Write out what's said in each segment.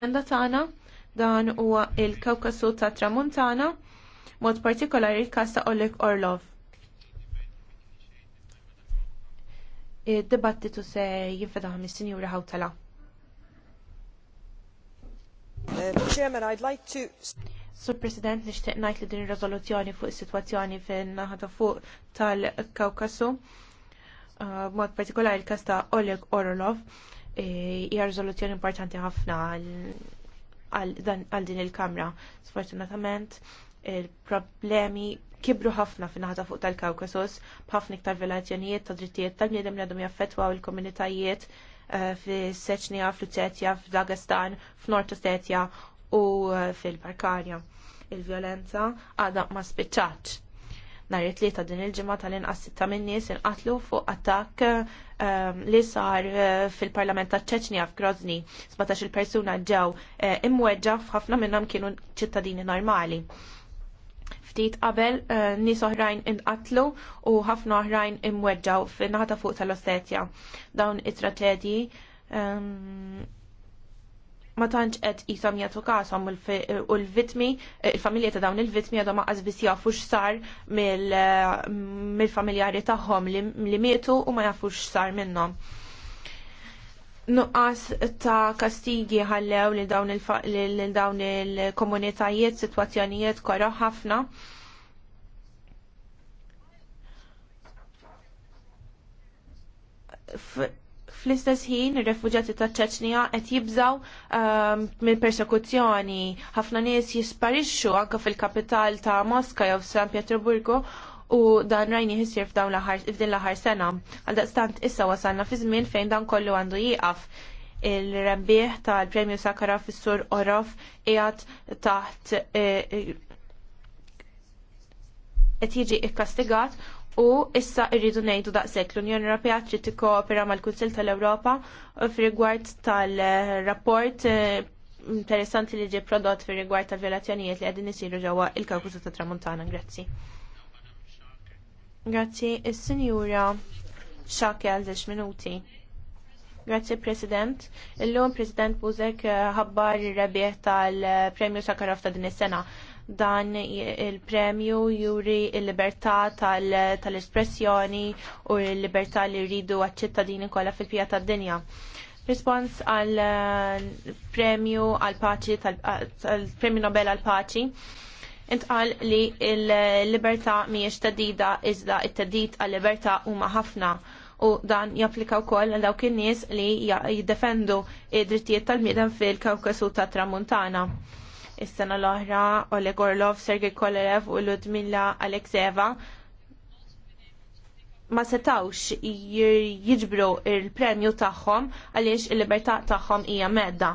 l-agenda tagħna dan huwa il-Kawkasu ta' Tramuntana, mod partikolari il-każ ta' Oleg Orlov. Id-dibattitu se jinfedaħ mis-Sinjura Hawtala. Uh, Chairman, I'd like to... Sur President, nixtieq ngħid li din ir-riżoluzzjoni fuq is-sitwazzjoni fin-naħa ta' fuq tal-Kawkasu, uh, mod partikolari il-każ ta' Oleg Orlov Eh, hija rizoluzzjoni importanti ħafna għal din il-Kamra. Sfortunatament, il-problemi kibru ħafna fin ħata fuq tal-Kawkasus b'ħafna iktar violazzjonijiet ta' drittijiet tal-bniedem li għadhom jaffettwaw il-komunitajiet eh, fis-Seċnija, fl-Uċetja, f'Dagestan, f'Nord Ossetja u eh, fil-Barkarja. Il-violenza għadha ma spiċċaċ nhar it-tlieta din il-ġimgħa tal-inqas sitta min-nies inqatlu fuq attakk ehm, li sar eh, fil-Parlament taċ-Ċeċnija f'Grozni, 17-il persuna ġew eh, imweġġa f'ħafna minnhom kienu ċittadini normali ftit qabel eh, nies oħrajn inqatlu u ħafna oħrajn imweġġaw fin-naħta fuq tal-Ossetja. Dawn it-traċedji ehm, ma tantx qed qisam jagħtu każhom, u l-vitmi, eh, il-familja ta' dawn il-vitmi għadhom ma biss jafu x'sar eh, mill-familjari tagħhom li mietu u ma jafux x'sar minnhom. Nuqqas ta' kastigi ħallew li dawn il-komunitajiet, situazzjonijiet korra ħafna. Fl-istess ħin, ir-refuġjati ta' ċeċnija qed jibżgħu um, ehm, mill persekuzzjoni Ħafna nies jisparixxu anke fil-kapital ta' Moska jew San Pietroburgo u dan rajni jissir f'dawn f'din l-aħħar sena. Għaldaqstant issa wasalna fi żmien fejn dan kollu għandu jieqaf il rebbieħ tal-Premju Sakara fis-Sur Orof qiegħed taħt eh, eh, qed jiġi ikkastigat U issa irridu ngħidu daqshekk l-Unjoni Ewropea trid tikkoopera mal-Kunsill tal-Ewropa fir-rigward tal-rapport eh, interessanti li ġie prodott fir-rigward tal-violazzjonijiet li qegħdin isiru ġewwa il-Kawkużu ta' Tramuntana. Grazzi. Grazzi, is-Sinjura Xaki għal minuti. Grazzi President. Illum President Buzek eh, ħabbar ir-rebieħ tal-Premju Sakharov ta' din is-sena dan il-premju juri il-libertà tal-espressjoni u il-libertà li rridu għal-ċittadini kollha fil-pija tad-dinja respons għal eh, premju għal paċi tal-premju Nobel għal paċi intqal li l-libertà miex tadida iżda it-tadid għal libertà huma ħafna u dan japplika wkoll għal dawk in-nies li jiddefendu id-drittijiet tal-miedem fil-Kawkasu tat Tramuntana. Is-sena l-oħra Oleg Orlov, Sergej Kolerev u Ludmilla Alekseva ma setawx jiġbru il-premju tagħhom għaliex il-libertà tagħhom hija medda.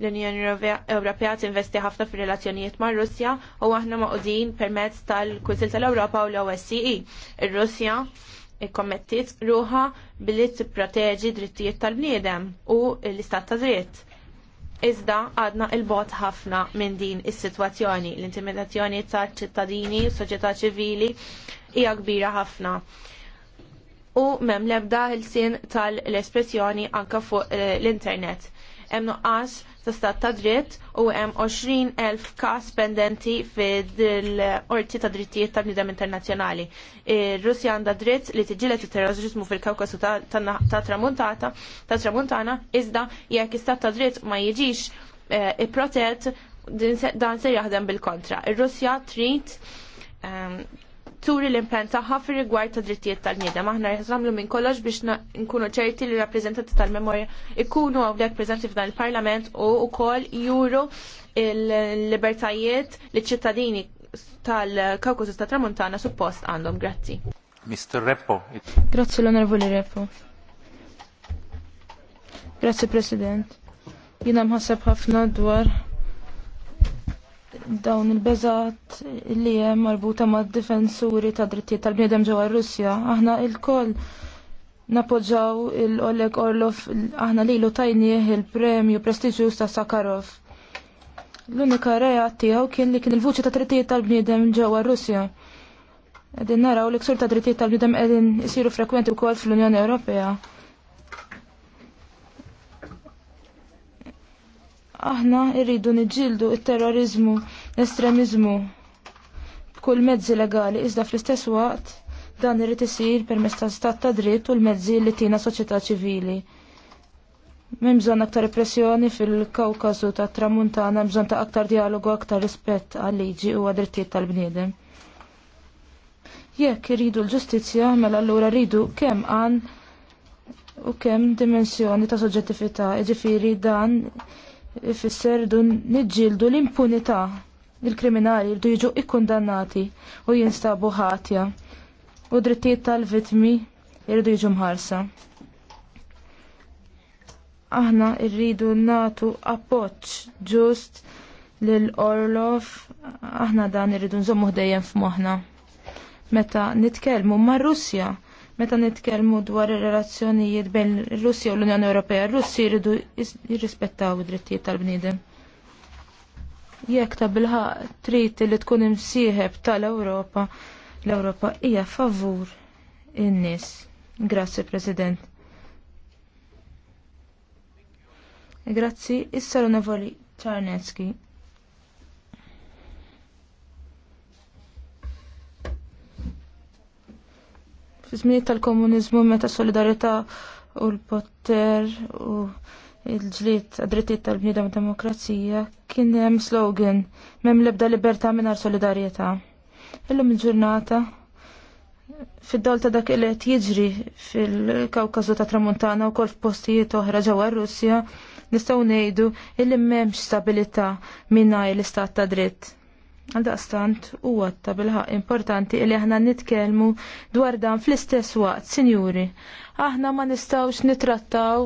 L-Unjoni Ewropea tinvesti ħafna fir-relazzjonijiet mar Russja u aħna maqudin permezz tal-Kunsil tal-Ewropa u l-OSCE. Ir-Russja ikkommettiet ruha billi tipproteġi drittijiet tal-bniedem u l-istat ta' dritt Iżda għadna il-bot ħafna minn din is-sitwazzjoni. L-intimidazzjoni ta' ċittadini, soċjetà ċivili hija kbira ħafna. U mem lebda ħilsin tal-espressjoni anka fuq eh, l-internet. Hemm nuqqas ta' ta' dritt u hemm 20,000 każ pendenti fil-Qorti ta' Drittijiet tal-Bnidem Internazzjonali. Ir-Russja għandha dritt li tiġilet it-terrorizmu fil-Kawkasu ta' Tramuntata ta' Tramuntana iżda jekk istat ta' dritt ma jiġix eh, i-protet dan se jaħdem bil-kontra. Ir-Russja trid ehm, turi l-impen tagħha fi rigward ta' drittijiet tal-niedem. Aħna jħazramlu minn kollox biex nkunu ċerti li rappresentanti tal-memorja ikunu hawnhekk preżenti f'dan il-Parlament u wkoll juru il-libertajiet li ċittadini tal-Kawkasus ta' Tramuntana suppost għandhom. Grazzi. Mr. Repo. Grazzi l-Onorevoli Repo. Grazzi President. Jina mħasab ħafna dwar dawn il-beżat li hemm marbuta mad difensuri ta' drittijiet tal-bniedem ġewwa Russja. Aħna il-koll napoġġaw il-Oleg Orlov aħna lilu tajnieh il-premju prestiġjuż ta' Sakharov. L-unika reja tiegħu kien li kien il-vuċi ta' drittijiet tal-bniedem ġewwa Russja. Qegħdin naraw li ksur ta' drittijiet tal-bniedem qegħdin isiru frekwenti wkoll fl-Unjoni Ewropea. Aħna irridu niġġieldu t terrorizmu l-estremizmu b'kull mezzi legali iżda fl-istess waqt dan irid isir permezz ta' stat ta' dritt u l-mezzi li tina soċjetà ċivili. M'hemm bżonn aktar repressjoni fil-Kawkażu tat Tramuntana, bżonn ta' aktar dialogu, aktar rispett għal-liġi u għad-drittijiet tal-bniedem jekk iridu l-ġustizzja mela allura rridu kemm għan u kemm dimensjoni ta' soġġettività, ġifiri dan ifisser niġġieldu l-impunità il-kriminali rdu jiġu ikkundannati u jinstabu ħatja u drittijiet tal-vitmi irridu jiġu mħarsa. Aħna rridu natu appoġġ ġust lil Orlov, aħna dan irridu nżommu ħdejjem f'moħħna. Meta nitkellmu mar-Russja Meta nitkellmu dwar ir-relazzjonijiet bejn Russja u l-Unjoni Ewropea, Russi jridu jirrispettaw id-drittijiet tal-bniedem. Jekk ta' bilħaq trid li tkun imsieħeb tal-Ewropa, l-Ewropa hija favur in-nies. Grazzi, President. Grazzi, issa l-onorevoli Czarnecki. Fizminiet tal-komunizmu meta solidarita u l-potter u il-ġlit għadrittiet tal-bnidem demokrazija kien hemm slogan mem lebda libertà minar solidarjetà. Illum il-ġurnata fid dol ta' dak il qed jiġri fil kawkazu ta' Tramuntana wkoll f'postijiet oħra ġewwa Russja nistgħu ngħidu illi m'hemmx stabilità mingħajr l-istat ta' dritt. Għaldaqstant huwa bil-ħak importanti li aħna nitkellmu dwar dan fl-istess waqt, sinjuri. Aħna ma nistawx nitrattaw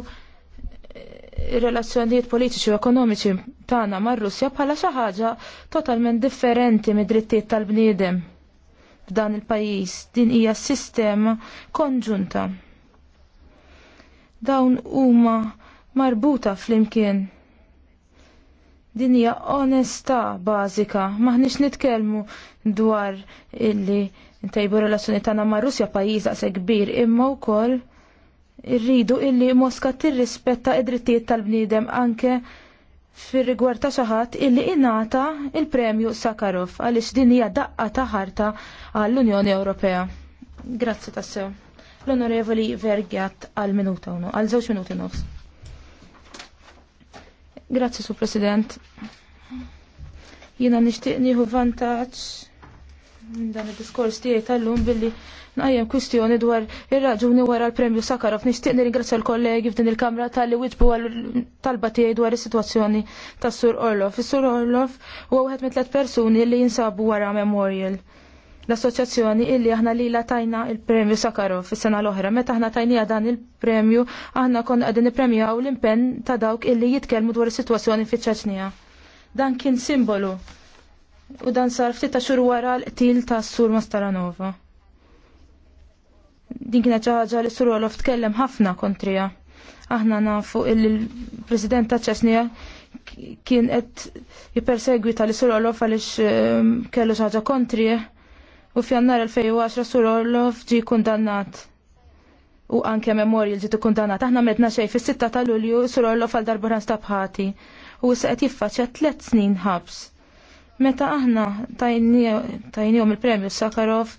ir-relazzjonijiet eh, politiċi u ekonomiċi tagħna mar-Russja bħala xi ħaġa totalment differenti mid-drittijiet tal-bniedem f'dan il-pajjiż. Din hija sistema konġunta. Dawn huma marbuta flimkien Din hija onestà bażika, maħniex nitkellmu dwar illi ntejbu relazzjoni tagħna ma' Russja pajjiż se kbir imma wkoll irridu illi Moska tirrispetta id-drittijiet tal-bniedem anke fir rigward ta' xaħat illi inata il-premju Sakharov għaliex din hija daqqa ta' ħarta għall-Unjoni Ewropea. Grazzi tassew. L-Onorevoli Vergjat għal minuta għal żewġ minuti nofs. Grazzi, Sur President. Jina nishtiq nieħu vantaġġ dan id-diskors tiegħi tal-lum billi najjem kwistjoni dwar ir-raġuni wara l-Premju Sakarov. Nixtieq nirringrazzja l-kollegi f'din il-Kamra tal-li wiġbu talba tiegħi dwar is-sitwazzjoni tas-Sur Orlov. Is-Sur Orlov huwa wieħed mit tliet persuni li jinsabu wara Memorial l-assoċjazzjoni illi aħna li la tajna il-premju Sakarov fis-sena l-oħra. Meta aħna tajnija dan il-premju, aħna konna qegħdin nippremjaw l-impenn ta' dawk illi jitkellmu dwar is-sitwazzjoni fiċ-Ċeċnija. Dan kien simbolu. U dan sar ftit ta' xhur wara l-qtil ta' Sur Mastaranova. Din kienet xi ħaġa li Sur Olof tkellem ħafna kontrija. Aħna nafu illi l-President ta' Ċeċnija kien qed jippersegwita li Sur Olof għaliex ehm, kellu xi ħaġa kontrija U f'jannar 2010 Sur Orlov ġi kundannat. U anke Memorial ġi kundannat. Aħna medna xej fis-6 ta' Lulju Sur Orlov għal darba stabħati. U issa qed jiffaċċja tliet snin ħabs. Meta aħna tajnijom il-premju Sakarov,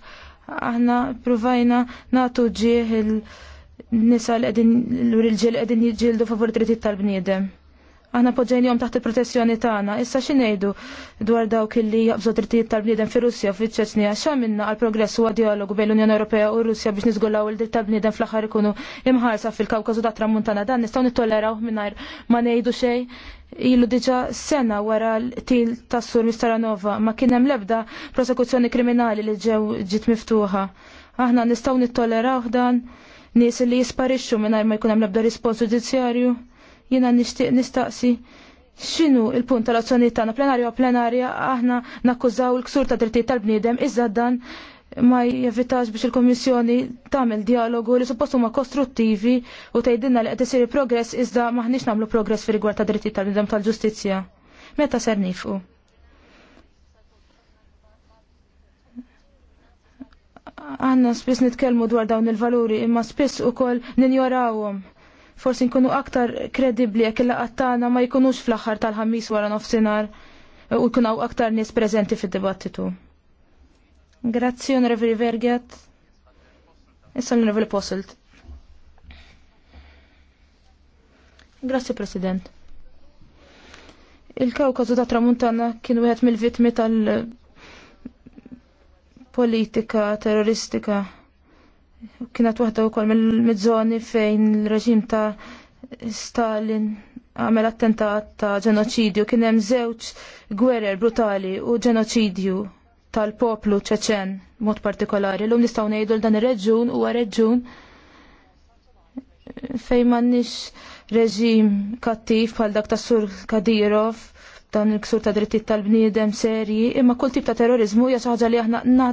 aħna provajna natu ġieħ il-nisa l l qegħdin jiġġieldu favur drittijiet tal-bniedem Aħna poġġejnihom taħt il-protezzjoni tagħna. Issa xi ngħidu dwar dawk li jaqbżu drittijiet tal-bniedem fir-Russja fi ċeċnija minna għal progress huwa dialogu bejn l-Unjoni Ewropea u Russja biex nizgullaw il-dritt tal-bniedem fl-aħħar ikunu imħarsa fil kawkazu tat Tramuntana dan nistgħu nittoleraw mingħajr ma ngħidu xejn ilu diġa sena wara l-til tas-sur Mistaranova ma kien hemm l-ebda prosekuzzjoni kriminali li ġew ġiet miftuħa. Aħna nistgħu nittoleraw dan nis li jisparixxu mingħajr ma jkun hemm l-ebda rispons ġudizzjarju. Jiena nixtieq nistaqsi x'inhu il-punt tal-azzjonijiet tagħna plenarja u plenarja aħna nakkużaw il-ksur ta' drittijiet tal-bniedem iżda dan ma jevitax biex il-Komissjoni tagħmel dialogu li suppost huma kostruttivi u tgħidilna li qed isir progress iżda maħniex nagħmlu progress fi rigward ta' drittijiet tal-bniedem tal-ġustizzja. Meta ser nifqu? għanna spiss nitkellmu dwar dawn il-valuri imma spiss ukoll ninjorawhom forsi nkunu aktar kredibli jekk il laqgħat tagħna ma jkunux fl-aħħar tal-ħamis wara nofsinhar e, u jkun hawn aktar nies preżenti fid-dibattitu. Grazzi, Onorevoli Verget. Issa l-Onorevoli Posselt. Grazzi, President. Il-Kawkazu ta' Tramuntana kien wieħed mill-vittmi tal- politika terroristika kienet waħda wkoll mill-żoni fejn il-reġim ta' Stalin għamel attentat ta' ġenoċidju kien hemm żewġ gwerer brutali u ġenoċidju tal-poplu ċeċen mod partikolari. L-lum nistgħu ngħidu dan ir-reġjun huwa reġjun fejn m'għandniex reġim kattiv bħal dak ta' Sur Kadirov dan il-ksur ta' drittijiet tal-bniedem serji, imma kull tip ta' terrorizmu hija xi ħaġa li aħna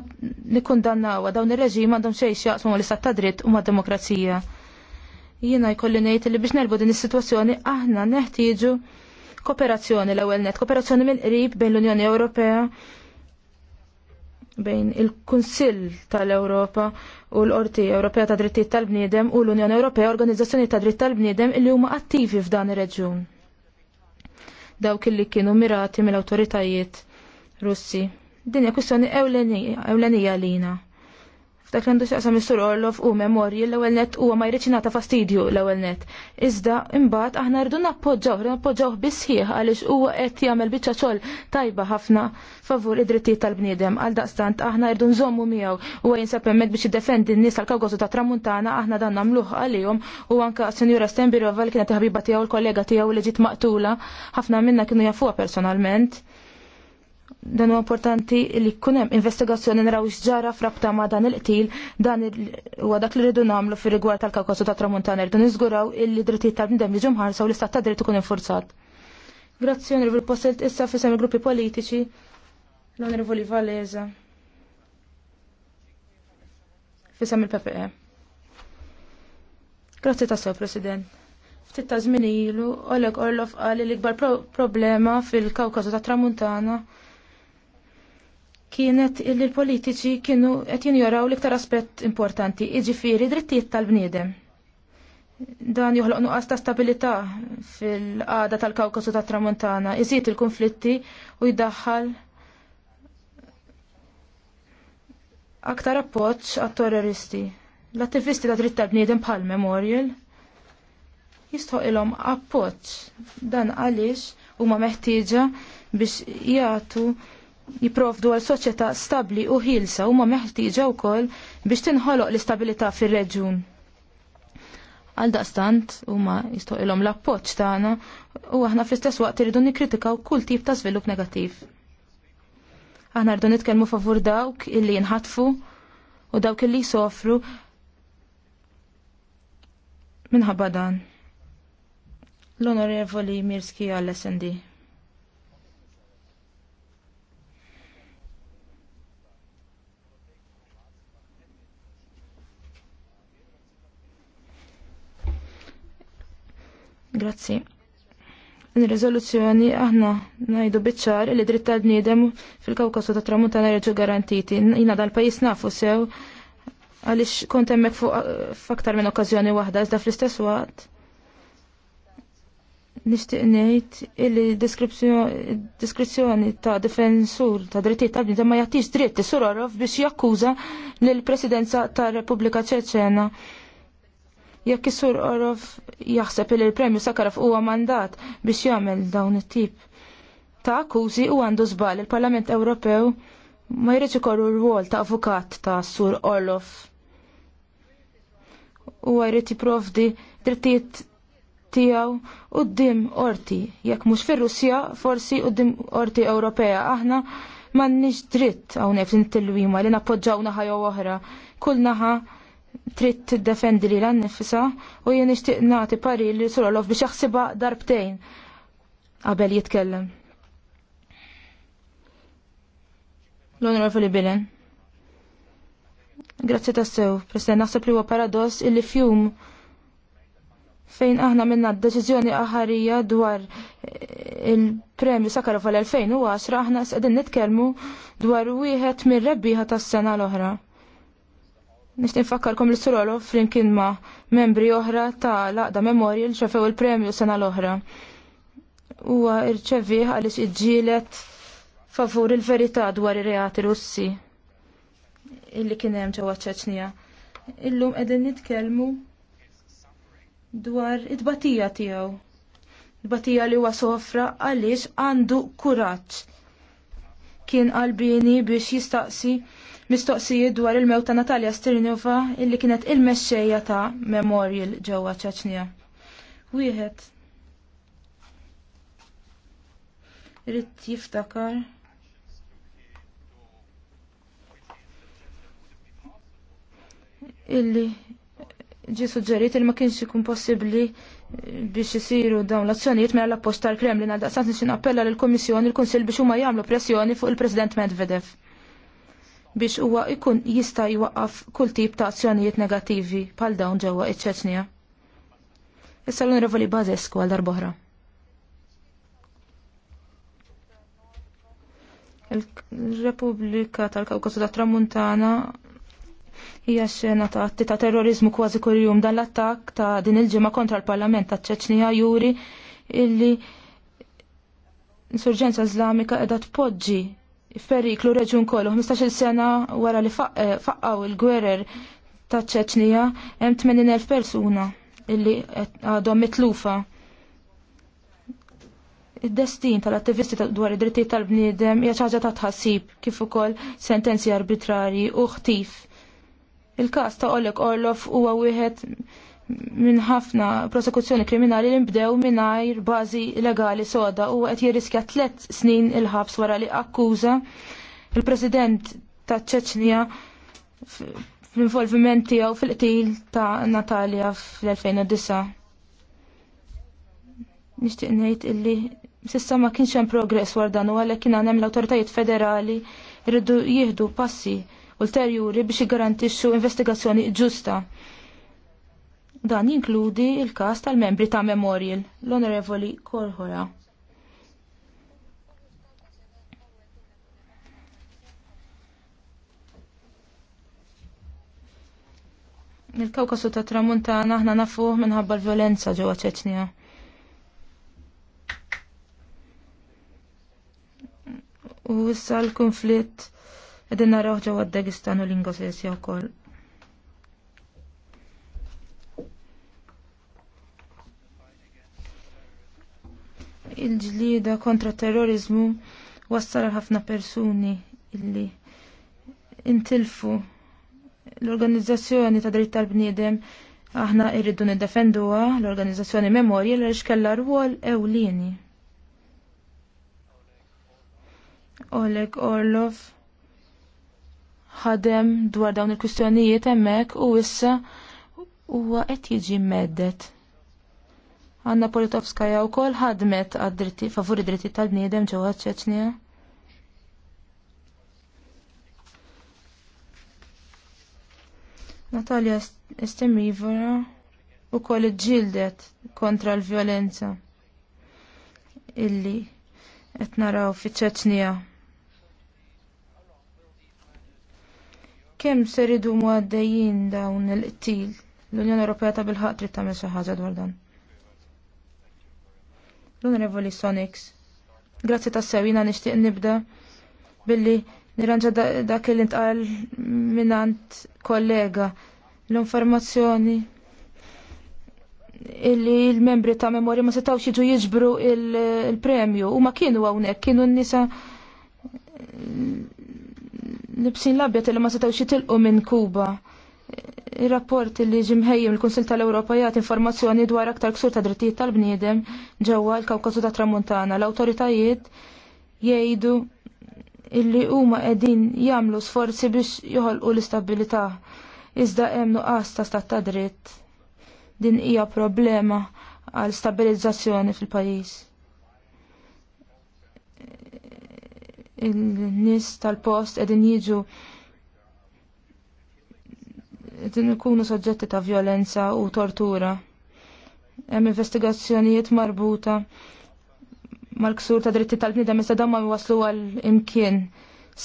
nikkundannawha dawn ir-reġim għandhom xejn x'jaqsmu mal-istat ta' dritt u mad-demokrazija. Jiena jkolli ngħid li biex nerbu din is-sitwazzjoni aħna neħtieġu kooperazzjoni l-ewwel net, kooperazzjoni mill-qrib bejn l-Unjoni Ewropea bejn il-Kunsill tal-Ewropa u l-Qorti Ewropea ta' Drittijiet tal-Bniedem u l-Unjoni Ewropea Organizzazzjoni ta' Dritt tal-Bniedem li huma attivi f'dan ir-reġjun dawk illi kienu mirati mill-awtoritajiet Russi. Dinja kwistjoni ewlenija lina dak għandu xaqsam Mr. Orlov u memorji l-ewel net u ma jriċinata fastidju l-ewel net. Iżda, imbat, aħna rridu nappoġġaw, nappoġġaw bisħieħ għalix u għet jgħamil bieċa xogħol tajba ħafna favur id-drittijiet tal-bniedem. Għal daqstant, aħna rridu nżommu miegħu u għajn emmek biex jiddefendi n-nis tal kawgozu ta' tramuntana, aħna dan namluħ għalihom u anke Senjura Stembirova li kienet ħabiba tiegħu l-kollega tiegħu li ġiet maqtula, ħafna minna kienu jafuha personalment dan huwa importanti li jkun hemm investigazzjoni naraw x'ġara frabta ma' dan il-qtil dan huwa dak li rridu nagħmlu fir rigward tal-Kawkasu ta' Tramuntana rridu niżguraw illi drittijiet tal-bnedem jiġu mħarsa u l-istat ta' dritt ikun infurzat. Grazzi Onorevoli Posselt issa fisem il-gruppi politiċi l-Onorevoli Valeza. Fisem il-PPE. Grazzi ta' sew, President. Ftit ta' żmien ilu, Oleg Orlov qal li l-ikbar problema fil kawkażu ta' Tramuntana kienet illi l-politiċi kienu qed jinjoraw l-iktar aspett importanti, iġifieri drittijiet tal-bniedem. Dan joħloq nuqqas ta' stabilità fil-qada tal-Kawkasu tat Tramuntana, iżid il-konflitti u jdaħħal aktar appoġġ għat-terroristi. L-attivisti ta' dritt tal-bniedem bħal Memorial jistħu ilhom appoġġ dan għaliex huma meħtieġa biex jagħtu jiprovdu għal soċjetà stabbli u ħilsa huma meħtieġa wkoll biex tinħoloq l istabbilità fir-reġjun. Għal daqstant huma jistoqilhom l-appoġġ tagħna u aħna fl-istess waqt irridu nikkritikaw kull tip ta' żvilupp negattiv. Aħna rridu nitkellmu favur dawk illi jinħatfu u dawk illi jsofru minħabba dan. L-Onorevoli Mirski għall-SND. Grazzi. in riżoluzzjoni aħna ngħidu biċċar li dritt tal-bniedem fil-Kawkasu ta' Tramuntana reġu garantiti. Jina dal-pajjiż nafu sew għaliex kont hemmhekk fuq f'aktar minn okkażjoni waħda iżda fl-istess waqt. Nixtieq ngħid illi diskrizzjoni ta' difensur ta' drittijiet tal-bniedem ma jagħtix dritt isurorov biex jakkuża lill-Presidenza tar-Repubblika Ċeċena Jekk isur Orov jaħseb li l-Premju Sakaraf huwa mandat biex jagħmel dawn it-tip ta' akkużi u għandu żball il-Parlament Ewropew ma jrid ikollu rwol ta' avukat ta' Sur Orlov. U jrid jipprovdi drittijiet tiegħu quddiem orti, jekk mhux fir-Russja forsi quddiem orti Ewropea aħna m'għandniex dritt hawnhekk f'intilwima li naħa jew oħra. Kull naħa trid tiddefendi li l-annifisa u jien nixtieq nagħti pari li Sorolov biex jaħsibha darbtejn qabel jitkellem. L-Onorevoli Bilen. Grazzi tassew, President, naħseb li huwa paradoss illi fjum fejn aħna minna d-deċiżjoni aħarija dwar eh, il-premju Sakarov għal 2010 aħna s għedin nitkellmu dwar wieħed mir-rebbieħa tas-sena l-oħra. Nishtin fakkarkom l-surolo flimkien ma membri oħra ta' laqda memorial xafew il-premju sena l-oħra. Huwa irċevi għaliex iġġielet favur il-verità dwar ir-reati russi illi kien hemm ġewwa ċeċnija. Illum qegħdin nitkellmu dwar it-batija tiegħu. Batija li huwa sofra għaliex għandu kuraġġ kien qalbini biex jistaqsi mistoqsijiet dwar il mew ta' Natalja Stirnova illi kienet il-mexxejja ta' Memorial ġewwa Ċeċnija. Wieħed Irid jiftakar illi ġi suġġerit li ma kienx ikun possibbli biex isiru dawn l-azzjonijiet mela l-appost tal-Kremlin għal daqstant nixin appella l-Komissjoni l-Kunsil biex huma jagħmlu pressjoni fuq il-President Medvedev biex huwa jkun jista' jwaqqaf kull tip ta' azzjonijiet negattivi bħal dawn ġewwa iċ-Ċeċnija. Issa l-Onorevoli Bazesku għal darbohra. Il-Repubblika tal-Kawkasu tat Tramuntana hija xena ta' atti ta' terrorizmu kważi kuljum dan l-attak ta' din il-ġimgħa kontra l-Parlament ta' ċeċnija juri illi insurġenza Islamika qiegħda tpoġġi feriklu reġun kollu 15-il sena wara li eh, faqqaw il-gwerer ta' ċeċnija hemm 80,000 persuna illi għadhom mitlufa. Id-destin tal-attivisti dwar id-drittijiet tal-bniedem hija ħaġa ta' tħassib kif ukoll sentenzi arbitrarji u ħtif Il-każ ta' Oleg Orlov huwa wieħed minn ħafna prosekuzzjoni kriminali li nbdew mingħajr bażi legali soda u qed jirriskja tliet snin il-ħabs wara li akkuża il-President ta' ċeċnija fl-involviment tiegħu fil-qtil ta' Natalia fl-2009. Nixtieq ngħid illi sissa ma kienx hemm progress war dan u għalhekk kien hemm l-awtoritajiet federali rridu jieħdu passi ulterjuri biex jiggarantixxu investigazzjoni ġusta. Dan jinkludi il-każ tal-membri ta' Memorial, l-Onorevoli Korhora. Il-Kawkasu ta' Tramuntana aħna nafuh minħabba l-violenza ġewwa Ċeċnija. U issa l-konflitt Edin naraw ġewwa Dagestan u l u wkoll. Il-ġlida kontra terrorizmu wassar ħafna persuni illi intilfu l-organizzazzjoni ta' dritt tal-bniedem aħna irridu niddefenduha l-organizzazzjoni memorja li xkella rwol ewlieni. Oleg Orlov ħadem dwar dawn il-kwistjonijiet hemmhekk u issa huwa qed jiġi meddet. Anna Politowskaja u kol ħadmet għad-dritti, favuri dritti tal-bniedem ġewwa ċeċnija. Natalia Estemivora u kol ġildet kontra l-violenza illi etnaraw fi ċeċnija. Kemm ser idumu għaddejjin dawn il-qtil l-Unjoni Ewropea ta' bil-ħaq trid tagħmel xi ħaġa dwar dan. L-Onorevoli Sonics, grazzi ta' sewina nixtieq nibda billi nirranġa dak li ntqal minant kollega l-informazzjoni illi l-membri ta' memorja ma setawx jiġu jiġbru il-premju u ma kienu hawnhekk kienu n-nisa nibsin labjat li ma setawx jitilqu minn Kuba. Ir-rapport li ġimħejjem il-Kunsil tal-Ewropa jagħti informazzjoni dwar aktar ksur ta' drittijiet tal-bniedem ġewwa l kawkazu ta' Tramuntana. L-awtoritajiet jgħidu illi huma qegħdin jagħmlu sforzi biex joħolqu l-istabilità. Iżda hemm nuqqas ta' stat ta' dritt. Din hija problema għal stabilizzazzjoni fil-pajjiż. il-nis tal-post edin jiġu edin ikunu soġġetti ta' violenza u tortura. Hemm investigazzjonijiet marbuta mal-ksur ta' dritti tal-bnidem issa dan ma jwaslu għal imkien.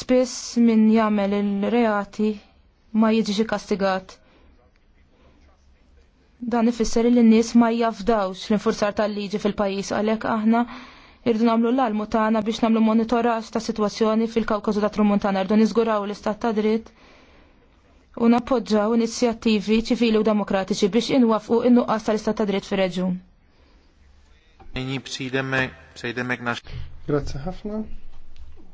Spiss min jagħmel il-reati ma jiġi kastigat. Dan ifisser li n-nies ma jafdawx l-infurzar tal-liġi fil-pajjiż għalhekk aħna Irdu namlu l-almu tagħna biex namlu monitoraġġ ta' sitwazzjoni fil-Kawkażu ta' Tramuntana, irdu niżguraw l-istat ta' dritt u nappoġġaw inizjattivi ċivili u demokratiċi biex inwafqu in-nuqqas tal-istat ta' dritt fir-reġjun. Grazzi ħafna.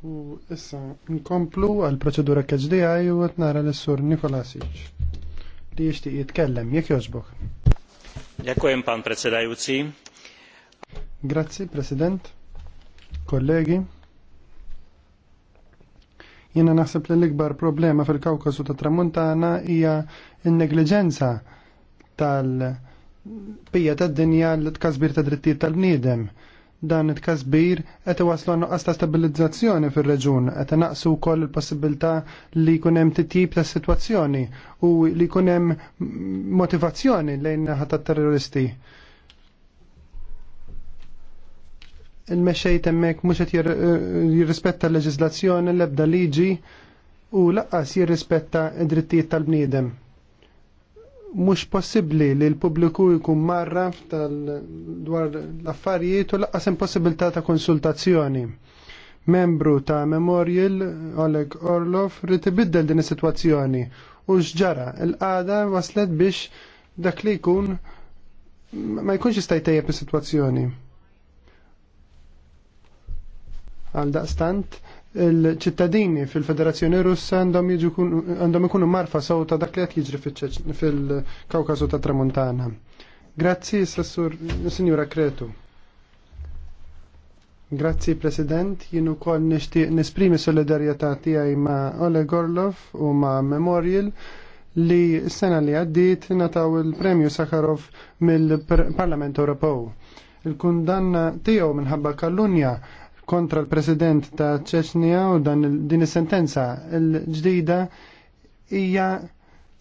U issa nkomplu għal proċedura KHDI u qed nara l-sur Nikolasic li jixtieq jitkellem jekk jogħġbok. Dziękuję pan predsedajúci. Grazzi, President, kollegi. Jena naħseb li l-ikbar problema fil-Kawkasu ta' Tramuntana hija n-negliġenza tal-pija tad-dinja l-tkasbir ta' drittijiet tal-bniedem dan it-kasbir qed iwaslu nuqqas ta' stabilizzazzjoni fir-reġun, qed naqsu wkoll il-possibilità li jkun hemm titjib ta' sitwazzjoni u li jkun hemm motivazzjoni lejn ħadd terroristi il-mexxej temmek mhux qed eh, jirrispetta l leġizlazzjoni l-ebda liġi u laqqas jirrispetta d-drittijiet tal-bniedem. Mhux possibbli li l-pubbliku jkun marra dwar l-affarijiet u laqqas impossibilità ta' konsultazzjoni. Membru ta' Memorial Oleg Orlov rrid ibiddel din is-sitwazzjoni u x'ġara l-qada waslet biex dak li jkun ma jkunx jista' jtejjeb is-sitwazzjoni. Għal daqstant, il-ċittadini fil-Federazzjoni Russa għandhom ikunu marfa sawta ta' dak li qed jiġri fil-Kawkażu ta' Tramuntana. Grazzi, Sassur, Signora Kretu. Grazzi President, jienu kol nishtiq nisprimi solidarieta tijaj ma Oleg Orlov u ma Memorial li s-sena li għaddit nataw il-premju Sakharov mill-Parlament Ewropew. Il-kundanna tijaw minħabba kallunja kontra l-President ta' ċeċnija u dan din is-sentenza l-ġdida hija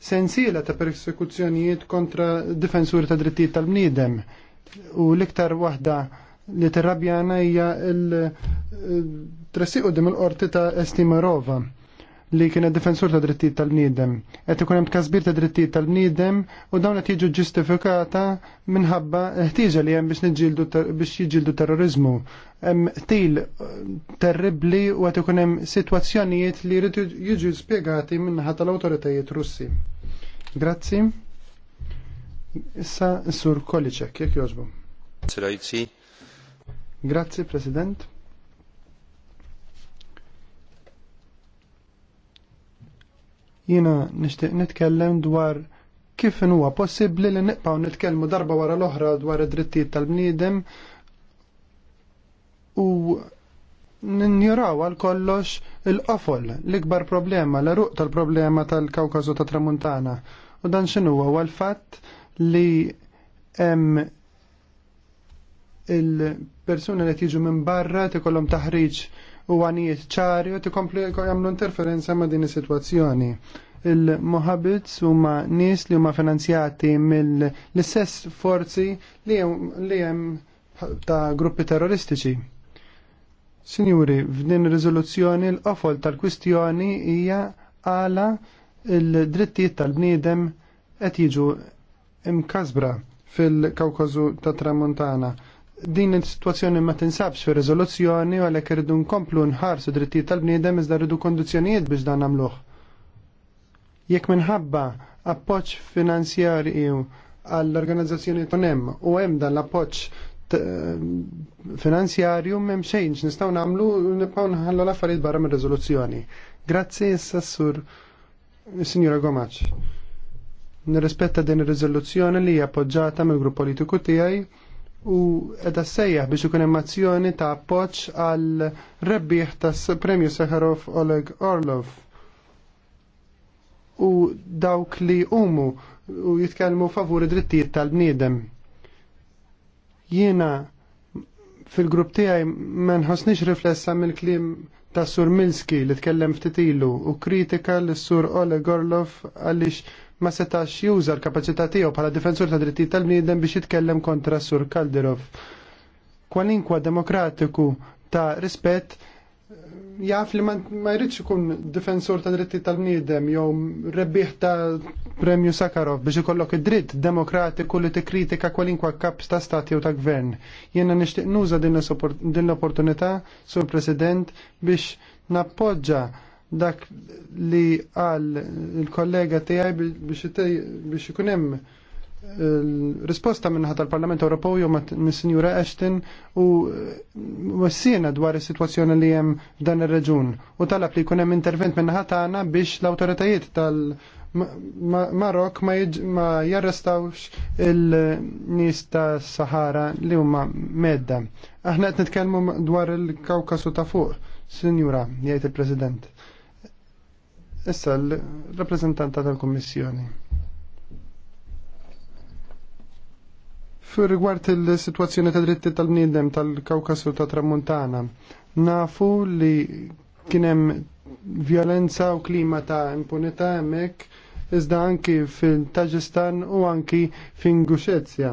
sensiela ta' persekuzzjonijiet kontra difensuri ta' drittijiet tal-bniedem. U l-iktar waħda li terrabjana hija l tressiqu dim il-qorti ta' Estimarova li kienet difensur ta' drittijiet tal-bniedem. Qed ikun hemm tkasbir ta' drittijiet tal-bniedem u dawn qed jiġu ġustifikata minħabba ħtieġa li hemm biex niġġieldu biex jiġġieldu terrorizmu. Hemm til terribbli u qed ikun hemm sitwazzjonijiet li jridu jiġu spjegati minħa tal-awtoritajiet Russi. Grazzi. Issa sur Kolicek, jekk jogħġbu. Grazzi, President. Jiena nixtieq nitkellem dwar kif huwa possibbli li niqpaw nitkellmu darba wara l-oħra dwar id-drittijiet tal-bniedem u ninjuraw għal kollox il-qofol, l-ikbar problema, l ruq tal-problema tal-Kawkazu ta' Tramuntana. U dan xinu huwa fatt li hemm il-persuna li tiġu minn barra tikollhom taħriġ u għanijiet ċari u tikompli jagħmlu interferenza ma' din is-sitwazzjoni. Il-Mohabits huma nies li huma finanzjati mill-istess forzi li hemm ta' gruppi terroristiċi. Sinjuri, f'din riżoluzzjoni l-qofol tal-kwistjoni hija għala il-drittijiet tal-bniedem qed jiġu imkasbra fil-Kawkażu tat Tramuntana din is-sitwazzjoni ma tinsabx fi rezoluzzjoni u għalhekk irridu nkomplu nħarsu drittijiet tal-bniedem iżda rridu kondizzjonijiet biex dan nagħmluh. Jekk minħabba appoġġ finanzjarji għall-organizzazzjoni tonem u hemm dan l-appoġġ eh, finanzjarju m'hemm xejn nistgħu nagħmlu nibqgħu nħallu l-affarijiet barra mir-riżoluzzjoni. Grazzi s-sassur Signora Gomaċ. Nirrispetta din ir-riżoluzzjoni li hija appoġġata mill-grupp politiku tiegħi u edha sejjaħ biex ikun emmazzjoni ta' appoġġ għal rebbieħ tas premju Seharov Oleg Orlov u dawk li umu u jitkellmu favuri drittijiet tal-bniedem. Jiena fil-grupp tiegħi ma nħossniex riflessa mill-kliem ta' Sur Milski li tkellem ftit ilu u kritika l sur Oleg Orlov għaliex ma setax juża l-kapacità tiegħu bħala difensur ta' drittijiet tal-bniedem biex jitkellem kontra Sur Kalderov. Kwalinkwa demokratiku ta' rispett jaf li ma jridx ikun difensur ta' dritti tal-bniedem jew rebbieħ ta' Premju Sakarov biex ikollok id-dritt demokratiku li tikkritika kwalinkwa kap ta' stat jew ta' gvern. Jiena nixtieq nuża din l-opportunità, Sur President, biex nappoġġa dak li għal il-kollega tijaj biex ikunem eh, risposta minnaħat tal-Parlament Ewropew jew mis-Sinjura Ashton u eh, wassina dwar is-sitwazzjoni li hemm f'dan ir-reġun u talab li jkun hemm intervent minnaħat tagħna biex l-awtoritajiet tal-Marok ma jarrestawx il-nies tas-Sahara li huma medda. Aħna qed nitkellmu dwar il-Kawkasu ta' fuq, Sinjura, jgħid il-President. Issa l-rappresentanta tal-Kommissjoni. Fur rigward il-situazzjoni ta' dritti tal-bniedem tal-Kawkasu ta' Tramuntana, nafu li kienem violenza u klima ta' impunità hemmhekk iżda anki fil-Taġistan u anki fil-Nguxezja.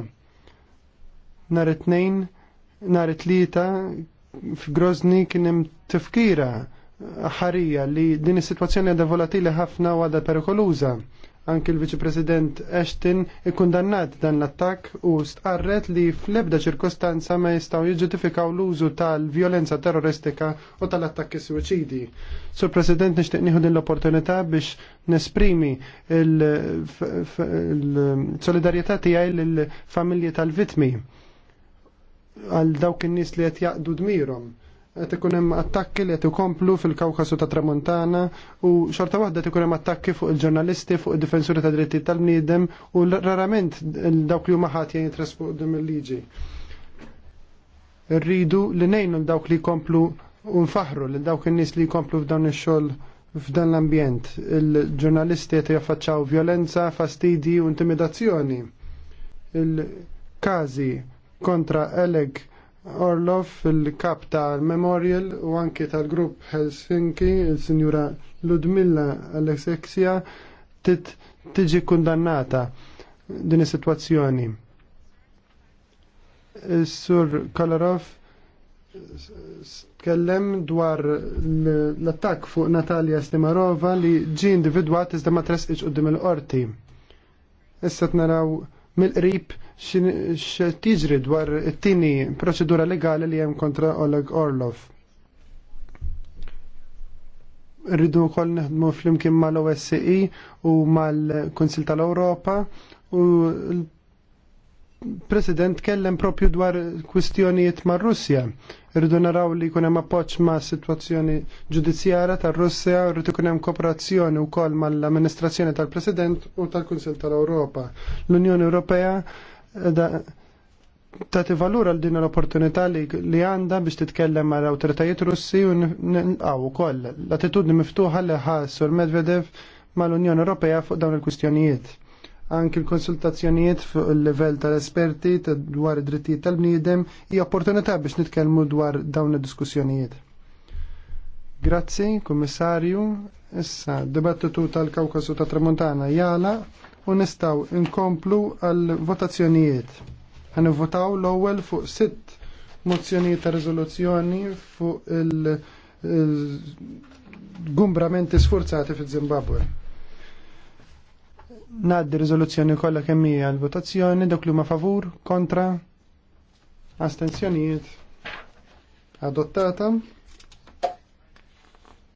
Nar it-tnejn, nar it-tlieta, f'Grozni kien hemm tifkira ħarija li din is-sitwazzjoni għadha volatili ħafna u għadha perikoluża. Anki l-Viċi President Ashton ikkundannat dan l-attak u stqarret li fl-ebda ċirkostanza ma jistgħu jiġġudifikaw l-użu tal-vjolenza terroristika u tal-attakki suwiċidi. Sur President nixtieq nieħu din l-opportunità biex nesprimi il-solidarjetà tiegħi lill-familji tal-vitmi għal dawk in-nies li qed jaqdu dmirhom qed ikun hemm attakki li qed ikomplu fil-Kawkasu ta' Tramuntana u xorta waħda qed ikun hemm attakki fuq il-ġurnalisti, fuq id-difensuri ta' dritti tal-bniedem u rarament dawk li huma ħatjen jitrasfuq dim il-liġi. Rridu li nejnu l dawk li jkomplu u nfaħru li dawk in-nies li jkomplu f'dawn ix-xogħol f'dan l-ambjent. Il-ġurnalisti qed jaffaċċaw violenza, fastidi u intimidazzjoni. Il-każi kontra Eleg Orlov, il-kap tal-Memorial u anki tal-grupp Helsinki, il-Sinjura Ludmilla Alexexia, tiġi kundannata din is-sitwazzjoni. Is-sur Kolorov tkellem dwar l-attakk fuq Natalia Stimarova li ġi individwat iżda ma tresqitx qudiem il-qorti. Issa naraw mill-qrib x-tizri dwar it-tieni proċedura legali li hemm kontra Oleg Orlov. Rridu wkoll neħdmu flimkien mal-OSCE u mal konsil tal-Ewropa u l-President kellem propju dwar kwistjonijiet ma' Russja. Rridu naraw li jkun hemm appoġġ ma' sitwazzjoni ġudizzjara tar-Russja, rridu jkun hemm kooperazzjoni wkoll mal-amministrazzjoni tal-President u tal konsil tal-Ewropa. L-Unjoni Ewropea ta' tivalura l-din l-opportunità li għanda biex titkellem ma' l-autoritajiet russi u nilqaw koll. l-attitudni miftuħa li ħassu l-Medvedev ma' l-Unjoni Ewropea fuq dawn il-kwistjonijiet. Anki l-konsultazzjonijiet fuq il-level tal-esperti dwar id-drittijiet tal-bniedem hija opportunità biex nitkellmu dwar dawn id-diskussjonijiet. Grazzi, Kummissarju. Issa, dibattitu tal-Kawkasu ta' Tramontana jala u nistaw inkomplu għal votazzjonijiet. Għan votaw l-ewwel fuq sitt mozzjonijiet ta' riżoluzzjoni fuq il-gumbramenti sforzati fi Zimbabwe. Naddi riżoluzzjoni kollha kemm hija votazzjoni dok li huma favur, kontra, astenzjonijiet. Adottata.